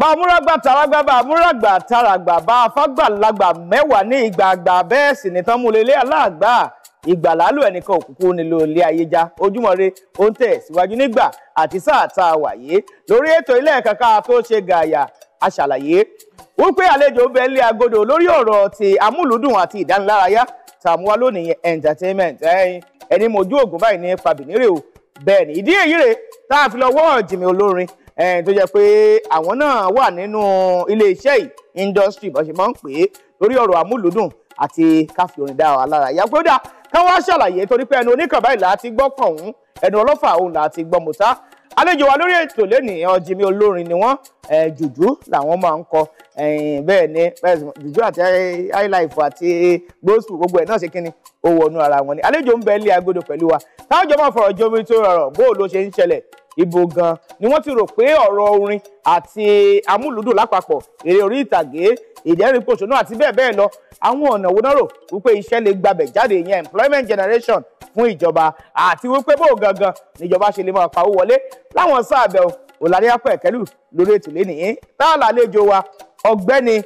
bá amúrágbà tàràgbà bá amúrágbà tàràgbà bá afágbàlagbà mẹ́wàá ní ìgbà àgbà bẹ́ẹ̀ sì ní tán mú lélẹ́ aláàgbà ìgbàlálù ẹnìkan òkùnkùn nílò ilé ayéjá ojúmọ́ re ó ń tẹ̀síwájú nígbà àti sáà tá a wà yìí lórí ètò ilé ẹ̀ka ká tó ṣe gààyà aṣàlàyé wípé àlejò ń bẹ agodo lórí ọ̀rọ̀ ti amúlùúdùn àti ìdánilárayá tàmúwá lónìí entertainment ẹyin ẹni mojú ògùn báyìí ní pàbínírè o bẹ́ẹ̀ ni ìdí èyí rè tá a fi lọ wọ́ ọ̀jìnmí olórin Eh, tó jẹ́ pé àwọn náà wà nínú iléeṣẹ́ yìí industry bó ṣe máa ń pè é lórí ọ̀rọ̀ amúlùdùn àti káfí orin dá wa lára ìyá gbọ́dà káwá ṣàlàyé torí pé ẹnu oníkàn báyìí láti gbọ́ kọ̀ọ̀hún ẹnu ọlọ́fà òun láti gbọ́ mọ̀tá àlejò wa lórí ètò lónìí ọjìmí olórin ni wọ́n eh, jùjú làwọn máa ń kọ eh, bẹ́ẹ̀ ni jùjú àti highlife àti gbósù gbogbo ẹ̀ náà ṣe kí ni ó wọnú ara wọn ni àlejò ń bẹ ilé agodo pẹ̀lú wa táwọn jọ máa fọ̀rọ̀ jomi tó rọrọ̀ bó ṣe ń ṣẹlẹ̀ ibo gan ni wọ́n ti rò pé ọ̀rọ̀ orin àti amúlùdùn lápapọ̀ eré orí ìtàgé ìdẹ́rìnpòṣónú àti bẹ́ẹ̀ bẹ́ẹ̀ lọ àwọn ọ̀nà wo náà rò wípé iṣẹ́ lè gbabẹ̀ jáde ìyẹn employment generation fún ìjọba àti wípé bó gangan níjọba ṣe lè máa pawó wọlé láwọn sáà bẹ̀rù ọ̀làdíyàpọ̀ ẹ̀kẹ́lù lórí ètò lẹ́nìí tá a lálejò wa ọ̀gbẹ́ni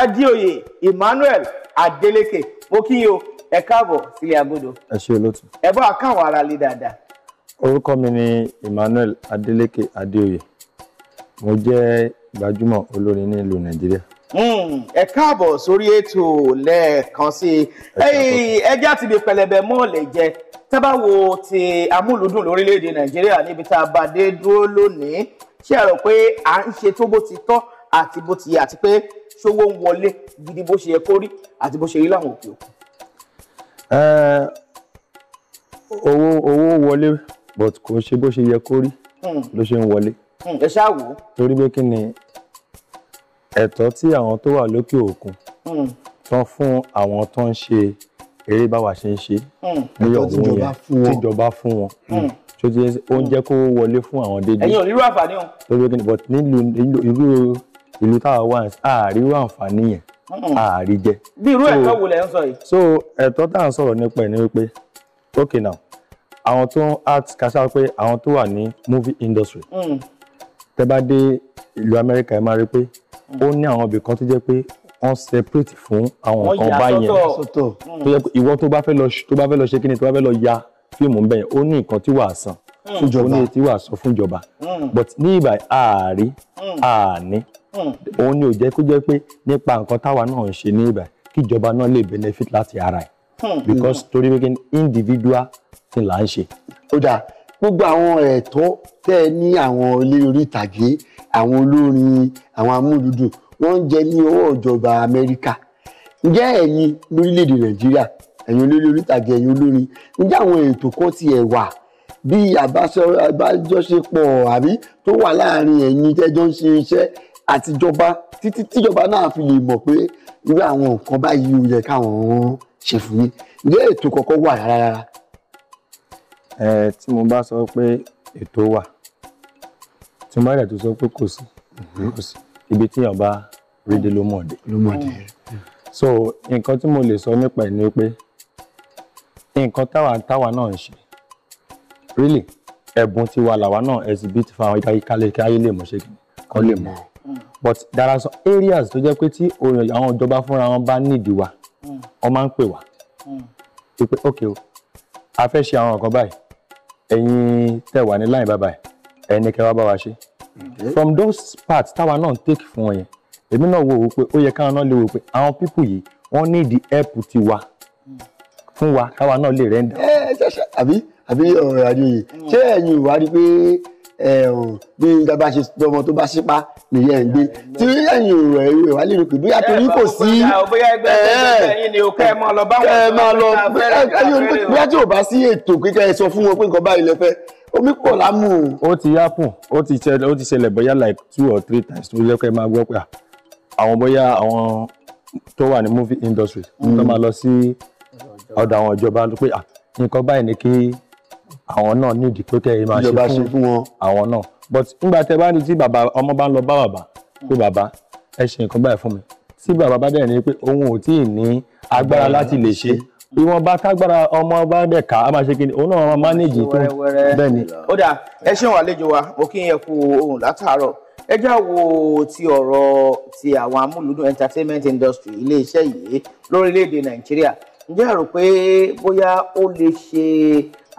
adéoyè emmanuel adeleke mo kí yín o ẹ káàbọ̀ sílẹ̀ agodo ẹ ṣe olóòtú ẹ bá a káwọn ara lé dáadáa orúkọ mi ni Emmanuel Adeleke Adeoye mo jẹ́ gbajúmọ̀ olórin ní Nàìjíríà. Hmm, ẹ káàbọ̀ sórí ètò lẹ́ẹ̀kan sí i ẹjẹ́ àti ibi pẹlẹbẹ mọ́ọ̀lẹ̀ jẹ tá ti amúlùdùn lórílẹ̀‐èdè Nàìjíríà níbi tá a bá dé dúró lónìí ṣé ẹ rò pé à ń ṣe tó bó ti tọ́ àti bó ti yẹ àti pé ṣówó ń wọlé gidi bó ṣe yẹ kó rí àti bó ṣe rí láwọn òkè òkun. owó wọlé but kò ṣe bó ṣe yẹ kó rí hmm. ló ṣe ń wọlé. Hmm. ẹ ṣáà wò. torí pé kí ni ẹ̀tọ́ tí àwọn tó wà lókè òkun hmm. tán fún àwọn tó ń ṣe eré báwa ṣe ń ṣe ní ọ̀hún yẹn tíjọba fún wọn tó ti ó ń jẹ́ kó wọlé fún àwọn dédé. ẹ̀yin ò nírú àǹfààní o. torí pé kí ni but nílùú irú ìlú táwa wà àárírú àǹfààní yẹn àárí jẹ. bí irú ẹ̀tọ́ wo lẹ ń sọ yìí. so ẹ̀tọ́ tá à ń sọ̀rọ̀ nípa ẹ̀ ni wípé okay now àwọn tó ń act kásá pé àwọn tó wà ní movie industry mm. tẹ́ bá dé ìlú Amẹ́ríkà ẹ máa rí pé ó ní àwọn ibì kan tó jẹ́ pé wọ́n separate fún àwọn nǹkan báyẹn tó yẹ pé ìwọ tó bá fẹ́ lọ tó bá fẹ́ lọ ṣe kí ni tó bá fẹ́ lọ ya fíìmù ń bẹ̀yẹn ó ní nǹkan tí wàá san mm. fúnjọba ó ní tí wàá san fúnjọba mm. but ní ìgbà ààrí àní òun ni ò jẹ́ kó jẹ́ pé nípa nǹkan táwa náà ń ṣe ní ìgbà kíjọba náà lè benefit láti ara ẹ̀ hmm. because torí pé individual tí là ń ṣe. ó dáa gbogbo àwọn ẹ̀tọ́ tẹ́ ẹ ní àwọn ilé orí ìtàgé àwọn olórin àwọn amúlùdùn wọ́n ń jẹ ní ọwọ́ ìjọba Amẹ́ríkà ǹjẹ́ ẹ̀yin lórílẹ̀‐èdè Nàìjíríà ẹ̀yin olórí orí ìtàgé ẹ̀yin olórin ǹjẹ́ àwọn ètò kan ti ẹ̀ wà bí àbájọṣepọ̀ àbí tó wà láàrin ẹ̀yin tẹ́jọ́ ń ṣe iṣẹ́ àtijọba títí tíjọba náà fi lè mọ̀ pé irú àwọn nǹkan báyìí ó yẹ káwọn ṣe fún yín ǹjẹ́ ètò kọ̀ọ̀kan wà rárá tí mo bá sọ pé ètò wà tí mo bá rẹ̀ tó sọ pé kò sí mhm. kò sí ibi tí èèyàn bá rí dé ló mọ̀ ló mọ̀ so nǹkan tí mo lè sọ nípa ẹ̀ ni pé nǹkan táwa táwa náà ń ṣe really ẹ̀bùn tiwa làwa náà exhibit fáwọn káyé lè mọ̀ ṣe kọ́ lè mọ̀ but there are some areas tó jẹ́ pé tí àwọn ìjọba fúnra wọn bá nídìí wa wọ́n máa ń pè wá mm. pé ok o a fẹ́ ṣe àwọn nǹkan báyìí ẹ̀yin tẹ̀ wà ní láyìn bàbá ẹ̀ ẹni kẹ́ wá bá wa ṣe mm-hmm. from those parts táwa náà take fún ọ yẹn èmi náà wò ó pé ó yẹ káwọn náà lè wò pé àwọn people yìí wọ́n ní ìdí help tiwa mm. fún wa káwa náà lè rẹ́ńdà. Eh, ẹ ẹ ṣe àbí àbí ọ̀rọ̀ àjòyè mm. ṣé ẹ̀yin ìwádìí pé bí nǹkan ṣe tọmọ tó bá ṣípá nìyẹn ń gbé tí ẹ̀yin ò rẹ̀ ìwé wà lérò pé bóyá torí kò sí ẹ bóyá tí ò bá sí ètò kíkẹ́ ẹ sọ fún wọn pé nǹkan báyìí lẹ fẹ́ omi pọ̀ lámù. ó ti happen ó ti ṣẹlẹ̀ ó like two or three times tó lẹ́kọ̀ọ́ ẹ máa gbọ́ pé àwọn bóyá àwọn tó wà ní movie industry mm. tó máa lọ sí ọ̀dọ̀ àwọn ìjọba pé nǹkan báyìí ni kí àwọn náà ní ìdí pé kẹrin máa ṣe fún àwọn náà but nígbà tẹ bá ní tí bàbá ọmọ bá ń lọ bá bàbá pé bàbá ẹ ṣe nǹkan báyìí fún mi tí bàbá bá dẹ̀ ní pé òun ò tí ì ní agbára láti lè ṣe ìwọ̀nba tágbára ọmọ bá dẹ̀ ká a máa ṣe kí ni òun náà máa mánéjì tó bẹ́ẹ̀ ni. ó dà ẹ ṣeun àlejò wa mo kí yẹn kú ohun látàárọ̀ ẹ já wo ti ọ̀rọ̀ ti àwọn amúlùdùn entertainment industry iléeṣẹ́ yìí lórílẹ̀‐èdè nàìjíríà ǹjẹ́ rò pé bóyá ó lè ṣe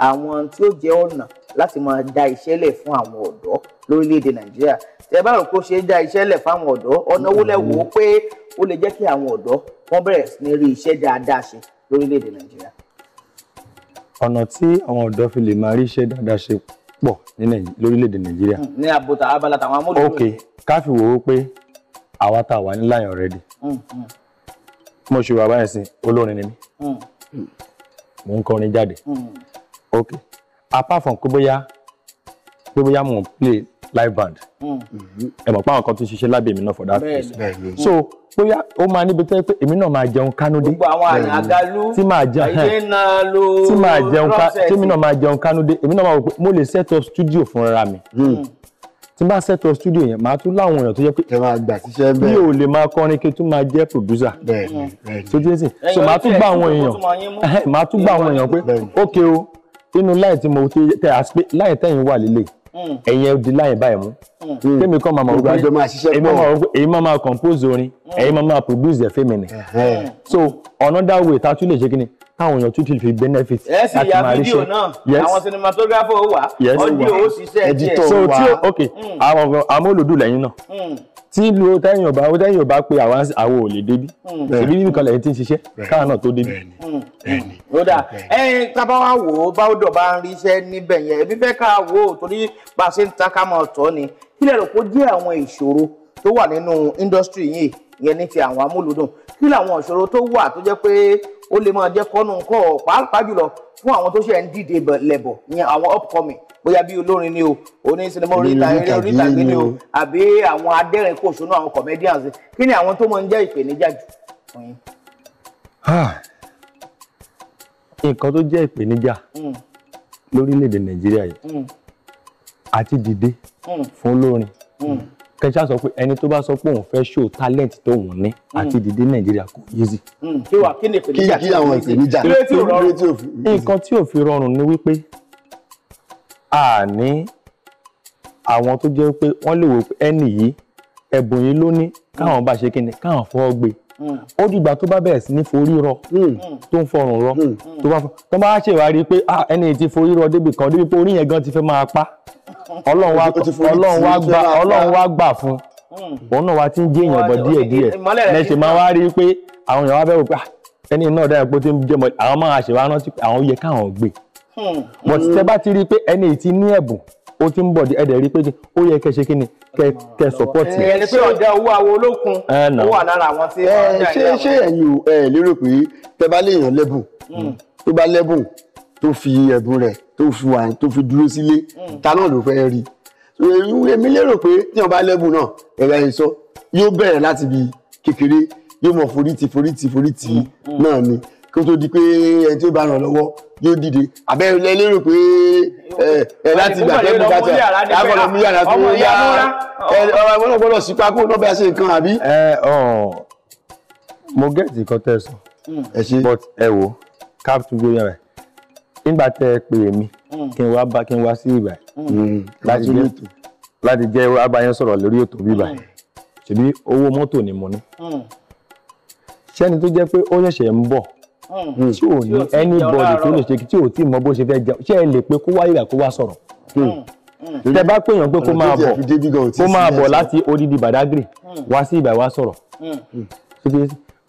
àwọn tí ó jẹ́ ọ̀nà láti máa dá iṣẹ́ lẹ̀ fún àwọn ọ̀dọ́ lórílẹ̀‐èdè nàìjíríà tẹ bá rò pé ó ṣe é dá iṣẹ́ lẹ̀ fáwọn ọ̀dọ́ ọ̀nà owó lẹ́wọ̀ pé ó lè jẹ́ kí àwọn ọ̀dọ́ wọ́n bẹ̀rẹ̀ sí ní rí iṣẹ́ dáadáa ṣe lórílẹ̀‐èdè nàìjíríà. ọ̀nà tí àwọn ọ̀dọ́ fi lè máa rí iṣẹ́ dáadáa ṣe pọ̀ lórílẹ̀‐èdè nàìjíríà. Hmm, ní àbúta abala tàwọn amúlùmí. ok káfí wò ó pé àwa tá a wà ní láyàn rẹ̀ di mo ṣùgbọ́n àbáyẹ̀sìn olórin ni mí mo hmm. ń kọrin jáde. Mm Okay. apart from Kuboya, Kuboya, pé bóyá mo play live band hmm. ẹ mọ̀ pé àwọn kan tún ṣiṣẹ́ lábẹ́ mi náà for that place so bóyá ó máa níbi tẹ́ pé èmi náà máa jẹun kánúdé gbogbo àwọn àgàlú tí máa jẹun tí máa jẹun tí èmi náà máa jẹun kánúdé èmi náà máa wò pé mo lè set up studio fúnra mi hmm. Hmm. tí n bá set up studio yẹn màá tún láwọn èèyàn tó jẹ́ pé ẹ máa gbà síṣẹ́ bẹ́ẹ̀ mi ò lè máa kọrin kí n tún máa jẹ́ producer bẹ́ẹ̀ bẹ́ẹ̀ tó jẹ́ sìn so màá tún gbà àwọn èèyàn màá tún gbà àwọn èèyàn pé ok o nínú láì tí mo tẹ àsìpé láì tẹ̀yìn wà lélẹ̀ hmm. ẹ̀yin ẹ̀ di láì báyìí mú hmm. Hmm. tèmi kọ́ máa mọ̀ wípé èyí máa máa compose orin èyí máa máa produce the mi ni so another way ta tún lè ṣe kí ni káwọn èèyàn tún ti fi benefit láti máa rí ṣe yes àwọn cinematographer wà audio ó ṣiṣẹ́ ẹ̀ díẹ̀ so tí ok àwọn amóhùn olùdó lẹ́yìn náà tí ìlú tẹ́yìn ọba ó tẹ́yìn ọba pé àwọn àwọn ò lè débi ìbí nínú kan lẹ́yìn tí ń ṣiṣẹ́ káwọn náà tó débi. ó dà ẹyin tábà wá wò ó báwòdò bá ń ríṣẹ́ níbẹ̀ yẹn ẹbí fẹ́ ká wò ó torí bá a ṣe ń ta ká máa tọ́ ni kí lè rò kó jẹ́ àwọn ìṣòro tó wà nínú indọ́sítírì yìí yẹn ní ti àwọn amúlùdùn kí làwọn ìṣòro tó wà tó jẹ́ pé ó lè máa jẹ́ kọ́nù kọ́ pàápàá jùlọ fún àwọn tó ṣe ń dìde lẹ̀bọ̀ ní àwọn upcoming bóyá bí olórin ni o oní sinimá oríta eré orítàgbé ni o àbí àwọn adẹ́rìn kò ṣonú àwọn comedians kí ni àwọn tó máa ń jẹ́ ìpèníjà jù nǹkan tó jẹ́ ìpèníjà hmm. lórílẹ̀‐èdè nàìjíríà yìí hmm. àti dìde hmm. fún olórin kẹjá sọ pé ẹni tó bá sọ pé òun fẹ́ show talent tó wọ́n ní àti mm. dìde nàìjíríà kò easy. Mm. kíwà kí ni ìpèníjà kí àwọn ìpèníjà kí ló tí ò fi. nǹkan tí ò fi rọrùn ni wípé a ní àwọn tó jẹ́ pé wọ́n lè wò pé ẹni yìí ẹ̀bùn yìí ló ní káwọn bá ṣe kíni káwọn fọ́ gbé mm. ó dìgbà tó bá bẹ̀rẹ̀ sí ní forí rọ tó ń fọrùn rọ tó bá ṣèwárí pé ah, ẹni tí forí rọ débi kan débi pé orí yẹn gan ti fẹ́ máa pa ọlọ́run wá gbà ọlọ́run wá gbà fún hmm. òun náà wá ti ń jẹ́ èèyàn bọ̀ díẹ̀díẹ̀ lẹ́sìn máa wá rí i pé àwọn èèyàn wá bẹ̀rù pé ah, ẹni náà dára pé ó ti ń jẹ́ mọ́ àwọn máa ṣèwá rántí pé àwọn yẹ káwọn gbé hmm. but hmm. tẹ́ bá ti rí i pé ẹni tí ní ẹ̀bùn ó ti ń bọ̀ di ẹ̀dẹ̀ rí pé ó yẹ kẹ́ ṣe kí ni kẹ́ sọ́pọ́tì. ẹni pé ọjà owó àwọn olókun ó wà lára àwọn tí. ṣé ṣé ẹ̀yin lérò pé tẹ́ bá léèyàn lẹ́bùn tó bá lẹ́bùn tó fi ẹ̀bùn rẹ̀ tó fi wà tó fi dúró sílé mm. ta náà ló fẹ́ rí èmi lérò pé tí wọn bá lẹ́bùn náà ẹ̀rọ ìsọ yóò bẹ̀rẹ̀ láti bi kékeré yóò mọ̀ forítì forítì forítì mm, mm. náà ni kó tó di pé ẹni tí ó bá ràn lọ́wọ́ yóò dìde àbẹ́ ẹ lérò pé ẹ láti gbà pé mo bá tẹ àbọ̀lọ̀ mi yàrá tó yá ọmọ ẹ̀wọ̀n náà gbọ́dọ̀ sípa kó náà bá ṣe nǹkan àbí. ẹ ọ mo gẹ́ẹ̀tì kan tẹ̀sán ẹ ṣe but ẹ wo káàpù tó gbóyàn rẹ̀ nígbà tẹ ẹ pè mí hmm. kí n wá bá kí n wá sí ìgbà yìí hmm. Hmm. láti jẹ́ abayẹn sọ̀rọ̀ lórí ètò bíbà ṣebí owó mọ́tò ni mo ní sẹ́ni tó jẹ́ pé ó ṣẹ̀ṣẹ̀ ń bọ̀ tí ò ní anybody tó lè ṣe tí ò tí mọ bó ṣe fẹ́ jẹun ṣé é lè pé kó wá ìgbà kó wá sọ̀rọ̀ tẹ bá pèèyàn pé kó máa bọ̀ kó máa bọ̀ láti odidi Badagry wá sí ìgbà wá sọ̀rọ̀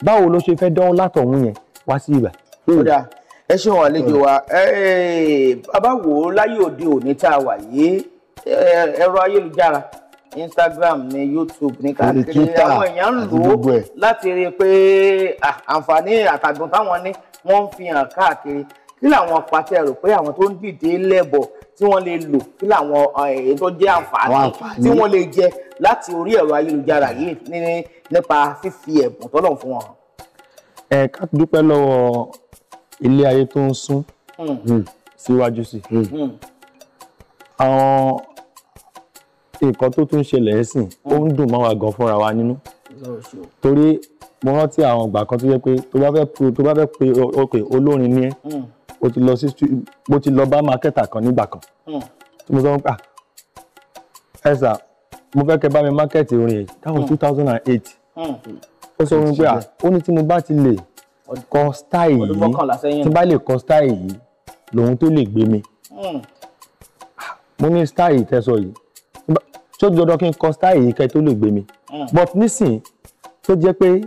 báwo ló ṣe fẹ́ dánwó látọ̀hún yẹn wá sí ìgbà ẹ ṣe wọn àlejò wa bàbá wò ó láyé òde òní tá a wà yìí eh, ẹ̀rọ ayélujára Instagram ní YouTube ní káàkiri àwọn èèyàn ń lò ó láti rí i pé àǹfààní àtàgùn táwọn ní wọ́n ń fi hàn káàkiri kí làwọn pàtẹ rò pé àwọn tó ń dìde lẹ́bọ̀ tí wọ́n lè lò kí làwọn eh, èyí tó jẹ́ àǹfààní tí wọ́n lè jẹ láti orí ẹ̀rọ ayélujára yìí nípa fífi ẹ̀bùn tọ́lọ̀ fún wọn. ẹ ká dúpẹ́ lọ́wọ́ ilé ayé tó ń sún hmm. Hmm, síwájú sí hmm. àwọn nǹkan tó tún ṣẹlẹ̀ ẹ̀sìn ó ń dùn mọ́ wa gan fúnra wa nínú torí mo rántí àwọn ìgbà kan tó yẹ pé tó bá fẹ́ tó bá fẹ́ pe ok olórin ni ẹ́ o ti lọ sí mo ti lọ bá mákẹ́tà kan nígbà kan tí mo sọ fún ah ẹ sà mo fẹ́ kẹ́ bá mi mákẹ́tì orin yìí that was two thousand and eight ó sọ fún pé ah ó ní tí mo bá ti lè kọ style yìí tí bá lè kọ style yìí lòun tó lè gbé mi hmm. mo ní style yìí tẹ́sọ yìí tó jọdọ kí n kọ style yìí kẹ́ tó lè gbé mi hmm. but nísìn tó jẹ́ pé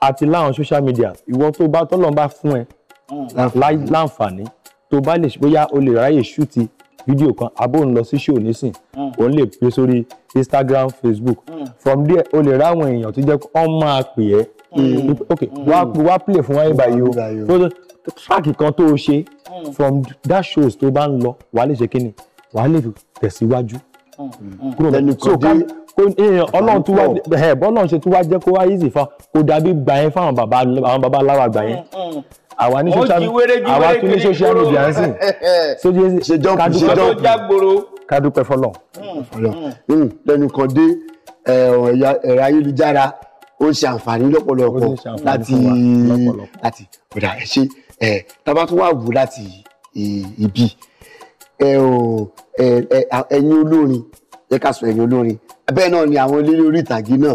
àti láwọn social media ìwọ tó bá tọ́lọ́n bá fún ẹ hmm. láǹfààní tó bá lè bóyá o lè ráyè ṣúti fídíò kan àbó ń lọ sí show nísìn o lè pè sórí Instagram Facebook from there o lè ráwọn èèyàn tó jẹ́ kó ọ́n máa pè ẹ́ Mm. Mm. ok wá mm. wá play fún wáyé báyìí o track kan tó o ṣe from that shows tó bá ń lọ wàá lè ṣe kí ni wàá lè tẹ̀síwájú kúrò bẹ́ẹ̀ so ká eh, ọlọ́run tún wá ẹ̀ eh, bọ́lọ́run ṣe tún wá jẹ́ kó wá easy fa kò dàbí gbà yẹn fáwọn bàbá àwọn bàbá aláwa gbà yẹn àwa ní social àwa tún ní social media ń sìn sójú kádúpẹ́ kádúpẹ́ fọlọ́. lẹ́nu kan dé eh, ẹ̀rọ ayélujára ó ń ṣe àǹfààní lọ́pọ̀lọpọ̀ láti láti ọ̀dà ẹ̀ ṣe ẹ̀ tábà tó wà wù láti ibi ẹ ò ẹ̀yin olórin ẹ ká sọ ẹ̀yin olórin bẹ́ẹ̀ náà ni àwọn eléré orí ìtàgé náà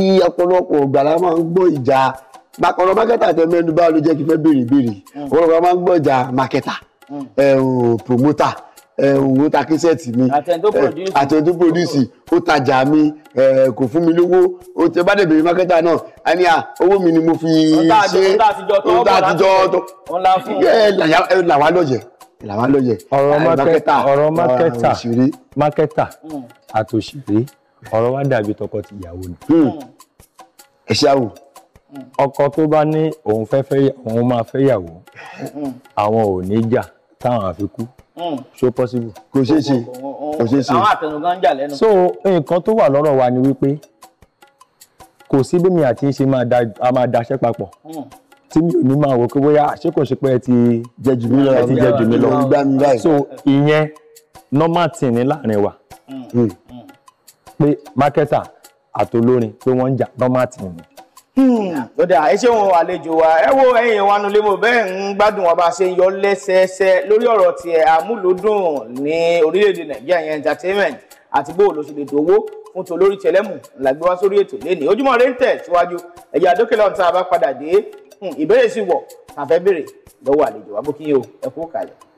iye hmm. ọ̀pọ̀lọpọ̀ ọ̀gbà la máa ń gbọ́ ìjà ọ̀rọ̀ mákẹ́tà tẹ mẹ́nu báwo ló jẹ́ kí n fẹ́ béèrè ìbéèrè hmm. ọ̀rọ̀ máa ń gbọ́ ìjà mákẹ́tà hmm. promoter òun ta késẹ́ẹ̀tì mi àtẹ̀yìn tó pòdúsì ó tajà mi kò fún mi lówó ó tẹ bá dẹ̀bẹ̀rẹ̀ mákẹ́tà náà a ní à owó mi ni mo fi ṣe òun tá àtijọ́ tó ẹ làwa lọ́jẹ̀ làwa lọ́jẹ̀ ọ̀rọ̀ mákẹ́tà ọ̀rọ̀ mákẹ́tà mákẹ́tà hmm. àtòṣèré ọ̀rọ̀ wa dàbí tọkọ-tìyàwó ni hmm. ẹ ṣáwò hmm. ọkọ tó bá ní òun fẹ́ fẹ́ òun máa fẹ́ yàwó àwọn ò ní jà táwọn àfikún Hmm. so possible kò ṣeé ṣe oh, oh, oh, kò ṣeé ṣe so nǹkan tó wà lọ́rọ̀ wa ni wípé kò sí bí mi àti ṣe máa máa daṣẹ́ papọ̀ hmm. tí mi ò ní máa wò pé bóyá ṣé kò ṣe pé ẹ ti jẹ jù mí lọ ẹ ti jẹ jù mí lọ so ìyẹn normal thing ni láàrin wa hmm. pé marketer àtolórin pé wọ́n ń jà normal thing ni. Hmm. ó dà ẹ ṣeun àlejò wa ẹ wo ẹ̀yin wa nulẹ mo bẹ́ẹ̀ ń gbádùn wa bá a ṣe yọ lẹ́sẹẹsẹ lórí ọ̀rọ̀ tiẹ̀ amúlòdùn ní orílẹ̀ nàìjíríà yẹn entertainment àti bó ló ṣe lè dòwó fún ti olórí tẹlẹmù làgbé wá sórí ètò lẹni ojúmọ́ rẹ ń tẹ̀ síwájú ẹjẹ àdókèlà ọ̀tá bá padà dé hmm, ìbéèrè sì wọ tàfẹ́ béèrè lọ́wọ́ àlejò wa bó o ẹ kú kàlẹ̀.